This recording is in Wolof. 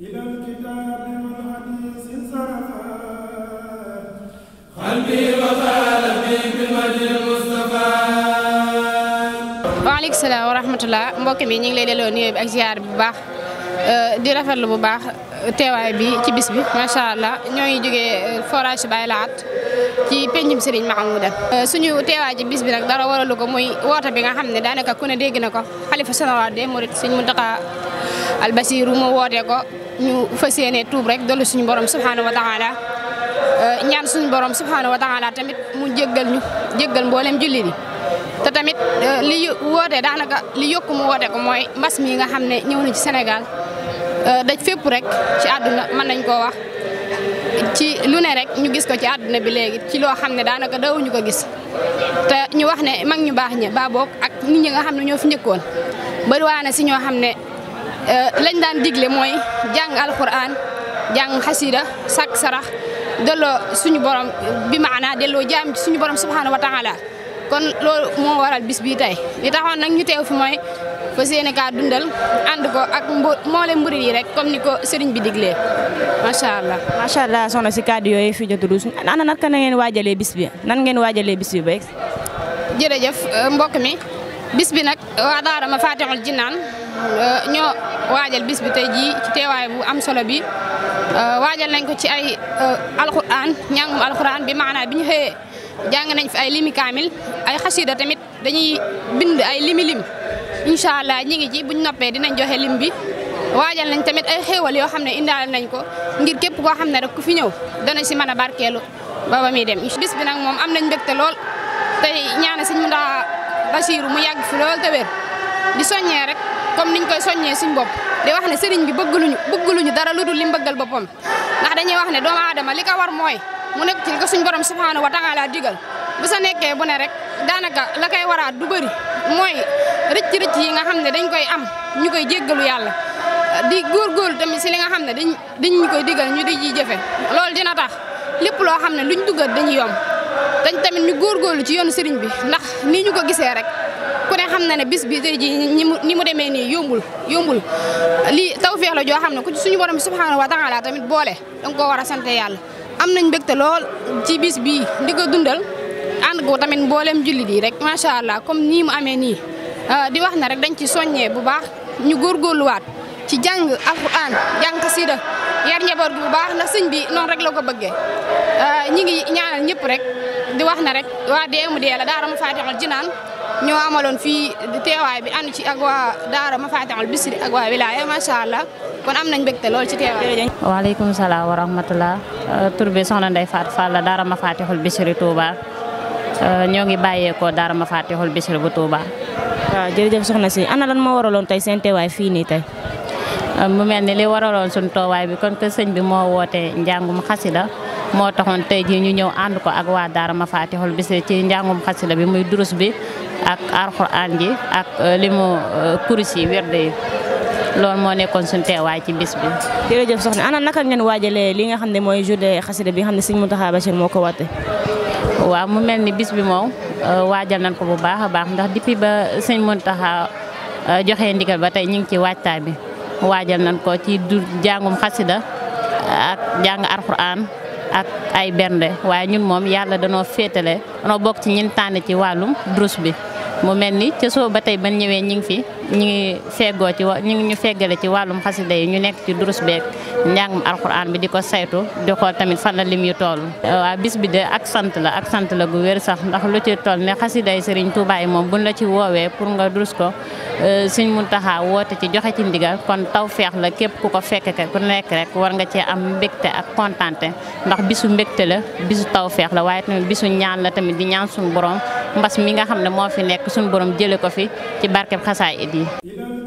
waaleykum salaam wa rahmatulah mbokk mi ñu ngi lay delloo bi ak ziar bu baax euh, di rafetlu bu baax euh, teewaay bi ci bis bi macha allah ñoo ngi jógee euh, forage Baye Laat ci peñjum Serigne Mahmouda suñu teewaay ci bis bi nag dara waralu ko muy woote bi nga xam ne daanaka ku ne dégg na ko xalifa général des mourides Serigne Mountakha Al Bassirou mu woote ko. ñu fas yéene tuub rek dolli suñu borom subhaanahu wa taala euh, ñaan suñu borom subhaanahu wa taala tamit mu jëggal ñu jëggal mboolem julli ni te tamit euh, li woote daanaka li yokk mu woote ko mooy mbas mi nga xam ne ñëw na ci senegal euh, daj fépp rek ci àdduna mën nañ koo wax ci lu ne rek ñu gis ko ci àdduna bi léegi ci loo xam ne daanaka daawuñu ko gis te ñu wax ne mag ñu baax ña ba boog ak nit ñi nga xam ne ñoo fi njëkkoon bari waa na si ñoo xam ne Euh, lañ daan digle mooy jàng alquran jàng xasida sàkk sarax delloo suñu borom bi maanaa delloo jaam ci suñu borom subhaanahu wa taala kon loolu moo waral bis bii tey li taxoon nag ñu teew fi mooy fa yéene kaa dundal ànd ko ak mbo mboolem murid yi rek comme ni ko sëriñ bi diglee macha allah. macha allah soxna si kàddu yooyu fi jot a dugg ana naka na ngeen waajalee bis bi nan ngeen waajalee bis bay ba jërëjëf euh, mbokk mi. bis bi nag waa daara Mafatihul Jinaan euh, ñoo waajal bis bi tey jii ci teewaay bu am solo bi euh, waajal nañ ko ci ay euh, alquran ñàngum alquran bi maanaa bi ñu xëyee jàng nañ fi ay limi kaamil ay xasida tamit dañuy bind ay limi lim incha allah ñi ngi ci buñ noppee dinañ joxe lim bi waajal nañ tamit ay xéewal yoo xam ne indaal nañ ko ngir képp koo xam ne rek ku fi ñëw dana si mën a barkeelu ba ba dem bis bi nag moom am nañ mbégte lool tey ñaana Bachir mu yàgg fi loolu te wér di soññee rek comme niñ koy soññee suñ bopp di wax ne sëriñ bi bëgg luñu bëgg dara lu du li mu bëggal boppam ndax dañuy wax ne doomu aadama li ko war mooy mu ne nekk ci li ko suñ borom subhaanahu wa taala digal bu sa nekkee bu ne rek daanaka la koy waraat du bëri mooy rëcc rëcc yi nga xam ne dañ koy am ñu koy jéggalu yàlla di góor góor tamit si li nga xam ne dañ dañ ñu koy digal ñu di ji jëfe loolu dina tax lépp loo xam ne luñ dugal dañuy yomb dañ tamit ñu góorgóorlu ci yoonu sëriñ bi ndax nii ñu ko gisee rek ku ne xam na ne bis bi tey ji ñi mu ni mu demee nii yombul yombul lii taw tawfeex la joo xam ne ku ci suñu borom bi subhaanahu wa taala tamit boole danga koo war a sant yàlla am nañ mbégte lool ci bis bi di ko dundal ànd ko tamit mbooleem jullit yi rek macha allah comme nii mu amee nii ah, di wax na rek dañ ci soññee bu baax ñu góor góorgóorluwaat ci jàng alxuraan jàng xasida yar njaboot gi bu baax ndax bi noonu rek la ko bëggee euh, ñi ngi ñëpp rek di wax na rek waa DMD la daara Mafatihul Jinaan ñoo amaloon fii teewaay bi ànd ci ak waa daara Mafatihul Bichri ak waa wilaaya macha allah kon am nañ mbégte lool ci teewaay. waaleykum salaam wa rahmatulah euh, tur bi soxna Ndeye Fatou Fall la daara Mafatihul Bichri Touba euh, ñoo ngi bàyyeekoo daara Mafatihul Bichri bu Touba. waaw jërëjëf soxna si ana mu mel ni li waraloon suñu toowaay bi kon que sëñ bi moo wootee njàngum xasida moo taxoon tey jii ñu ñëw ànd ko ak waa Daara Mafatihul Bichri ci njàngum xasida bi muy durus bi ak alxuraan ji ak euh, li mu euh, kurus yi wérde yi loolu moo nekkoon suñ teewaay ci bis bi. jërëjëf soxna ana naka ngeen waajalee li nga xam ne mooy journée xasida bi nga xam ne sëñ Mountakha Bachir moo ko woote. waaw mu mel ni bis bi moom euh, waajal nañ ko bu baax a baax ndax depuis ba sëñ Mountakha joxe ndigal ba tey ñu ngi ci waajtaay bi. waajal nañ ko ci du jàngum xasida ak jàng alxuraan ak ay benn waaye ñun moom yàlla danoo féetale danoo bokk ci ñin tànn ci wàllum drus bi mu mel ni ca soo ba tey ban ñëwee ñi ngi fi ñi ngi feggoo ci ñi ngi ñu feggale ci wàllum xasida yi ñu nekk ci durus beeg njàngum alxuraan bi di ko saytu di xool tamit fan la lim yu tool waa bis bi de ak sant la ak sant la gu wér sax ndax lu ci toll ne xasida yi Sëriñ Tuubaa yi moom buñ la ci woowee pour nga durus ko Euh, sëñ Muntaxa woote ci joxe ci ndigal kon tawfeex la képp ku ko fekk ku nekk rekk war nga cee am mbégte ak kontante ndax bisu mbégte la bisu tawfeex la waaye tamit bisu ñaan la tamit di ñaan suñu borom mbas mi nga xam ne moo fi nekk suñu borom jële ko fi ci barkeb xasaayid yi